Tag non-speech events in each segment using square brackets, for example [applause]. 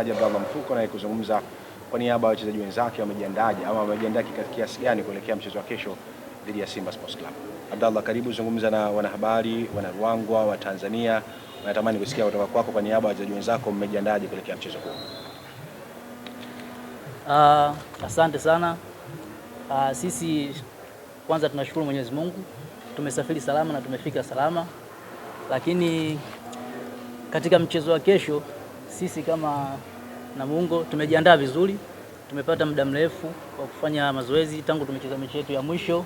Mtaji Abdallah Mfuko naye kuzungumza kwa niaba ya wachezaji wenzake wamejiandaje ama wamejiandaa kiasi gani kuelekea mchezo wa kesho dhidi ya Simba Sports Club. Abdallah, karibu zungumza na wanahabari, wanaruangwa wa Tanzania, wanatamani kusikia kutoka kwako kwa niaba ya wachezaji wenzako, mmejiandaje kuelekea mchezo huu? Uh, ah, asante sana. Uh, sisi kwanza tunashukuru Mwenyezi Mungu tumesafiri salama na tumefika salama, lakini katika mchezo wa kesho sisi kama Namungo tumejiandaa vizuri, tumepata muda mrefu wa kufanya mazoezi tangu tumecheza mechi yetu ya mwisho.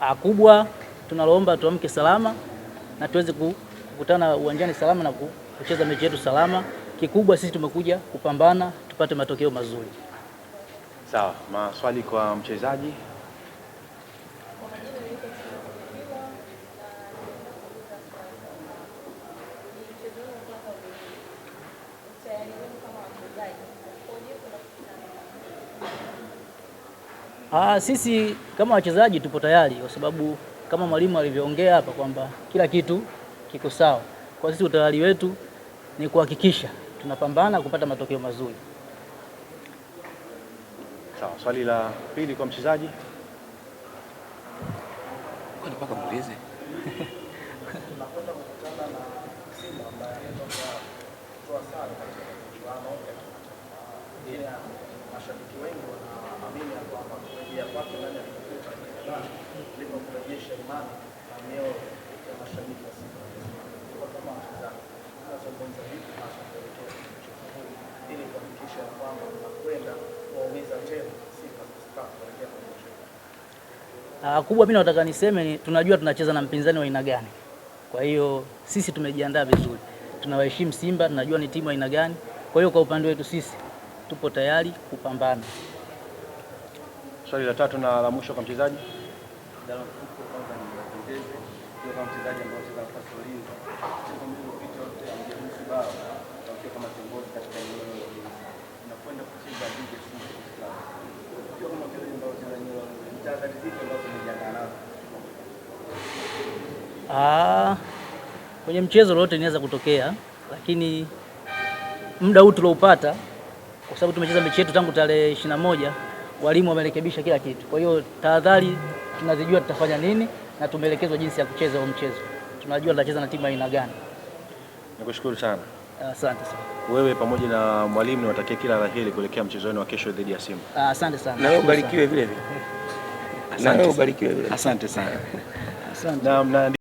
Ah, kubwa tunaloomba tuamke salama na tuweze kukutana uwanjani salama na kucheza mechi yetu salama. Kikubwa sisi tumekuja kupambana tupate matokeo mazuri. Sawa, maswali kwa mchezaji? Ah, sisi kama wachezaji tupo tayari kwa sababu kama mwalimu alivyoongea hapa kwamba kila kitu kiko sawa. Kwa sisi utayari wetu ni kuhakikisha tunapambana kupata matokeo mazuri. Sawa, swali la pili kwa mchezaji. Kwani paka muulize. [laughs] ya kwake ndani ya kukuta cha kurejesha imani maeneo ya mashabiki wa Simba kwa kama wachezaji tunazungumza vipi hasa kuelekea mchezo huu ili kuhakikisha kwamba tunakwenda kuwaumiza tena Simba Sports kuelekea kwenye mchezo ah, kubwa. Mimi nataka niseme ni tunajua tunacheza na mpinzani wa aina gani. Kwa hiyo sisi tumejiandaa vizuri, tunawaheshimu Simba, tunajua ni timu aina gani. Kwa hiyo kwa upande wetu sisi tupo tayari kupambana. Swali la tatu na la mwisho kwa mchezaji Ah, kwenye mchezo lolote inaweza kutokea, lakini muda huu tuloupata kwa sababu tumecheza mechi yetu tangu tarehe ishirini na moja walimu wamerekebisha kila kitu. Kwa hiyo tahadhari tunazijua tutafanya nini na tumeelekezwa jinsi ya kucheza huo mchezo, tunajua tutacheza na timu aina gani. Nikushukuru sana. Asante sana. Wewe pamoja na mwalimu niwatakie kila la heri kuelekea mchezo wenu wa kesho dhidi ya Simba. Ah, asante sana. Na wewe ubarikiwe vile vile. [laughs] Asante sana. Na, na